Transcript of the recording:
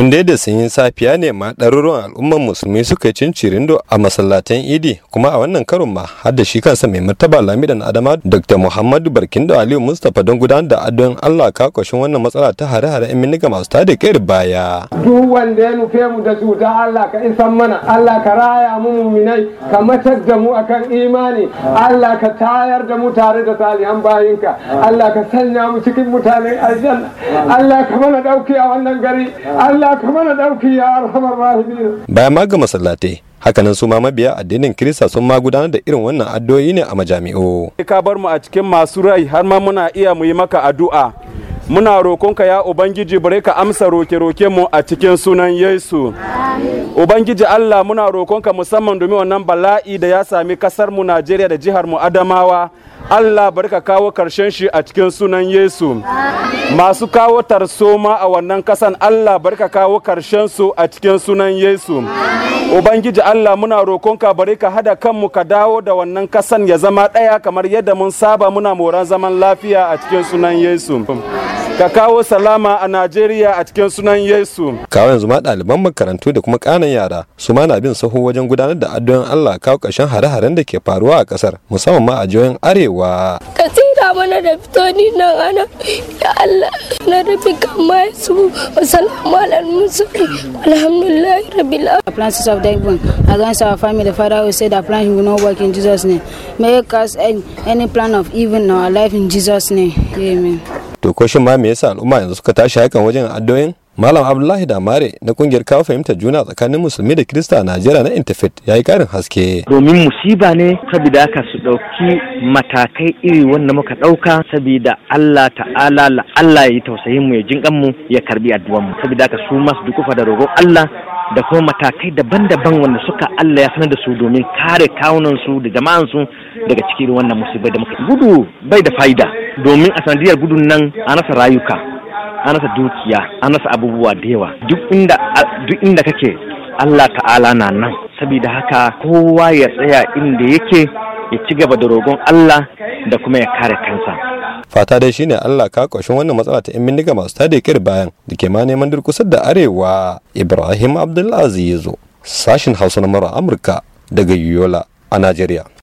tun dai da sanyin safiya ne ma ɗaruruwan al'umman musulmi suka yi cin cirindo a masallatan idi kuma a wannan karon ma har da shi kansa mai martaba lamidan adama dr muhammadu barkindo aliyu mustapha don gudanar da addu'an allah kakoshin wannan matsala ta hare-hare in minika masu tada kai baya. duk wanda ya nufe mu da cuta allah ka isan mana allah ka raya mu muminai ka matar da mu akan imani allah ka tayar da mu tare da salihan bayinka allah ka sanya mu cikin mutanen aljanna allah ka mana dauki a wannan gari bayan maga masallatai hakanan su ma mabiya addinin kirista sun ma gudanar da irin wannan addu'o'i ne a majami'o ka bar mu a cikin masu rai har ma muna iya mu yi maka addu'a muna rokonka ya ubangiji bare ka amsa roke-roke mu a cikin sunan yesu ubangiji allah muna rokonka musamman domin wannan bala'i da ya sami kasar mu najeriya da jihar mu adamawa allah bari ka kawo karshen shi a cikin sunan yesu masu kawo tarsoma a wannan kasan Allah bari ka kawo karshen su a cikin sunan Yesu Ubangiji Allah muna rokonka bari ka hada kanmu ka dawo da wannan kasan ya zama ɗaya kamar yadda mun saba muna moran zaman lafiya a cikin sunan Yesu ka kawo salama a Najeriya a cikin sunan Yesu. Kawo yanzu ma ɗaliban makarantu da kuma ƙanan yara su ma na bin saho wajen gudanar da addu'an Allah kawo ƙarshen hare-haren da ke faruwa a ƙasar musamman ma a jihohin Arewa. Allah mana da fito ni nan ana ya Allah na rabi kama ya su wasalamu ala musali alhamdulillah rabbil alamin plans of the one against our family the father will say that plan will not work in Jesus name may cause any, any plan of even our life in Jesus name amen to ko ma me yasa al'umma yanzu suka tashi hakan wajen addu'o'in Malam Abdullahi Damare na kungiyar kawo fahimtar juna tsakanin musulmi da Kirista a Najeriya na Interfaith ya yi karin haske. Domin musiba ne saboda aka su ɗauki matakai iri wanda muka ɗauka saboda Allah ta'ala la Allah ya yi tausayin mu ya jin mu ya karbi addu'an mu saboda haka su masu dukufa da roƙon Allah da kuma matakai daban-daban wanda suka Allah ya sanar da su domin kare kawunan su da jama'an su daga cikin wannan musibai da muka gudu bai da fa'ida domin a sanadiyar gudun nan a nasa rayuka an rasa dukiya an rasa abubuwa da yawa duk inda duk inda kake Allah ta'ala na nan saboda haka kowa ya tsaya inda yake ya ci gaba da rogon Allah da kuma ya kare kansa fata dai shine Allah ka kwashin wannan matsala ta 'yan bindiga masu tada kir bayan da ke ma neman durkusar da arewa Ibrahim Abdulaziz sashin Hausa na Amurka daga Yola a Najeriya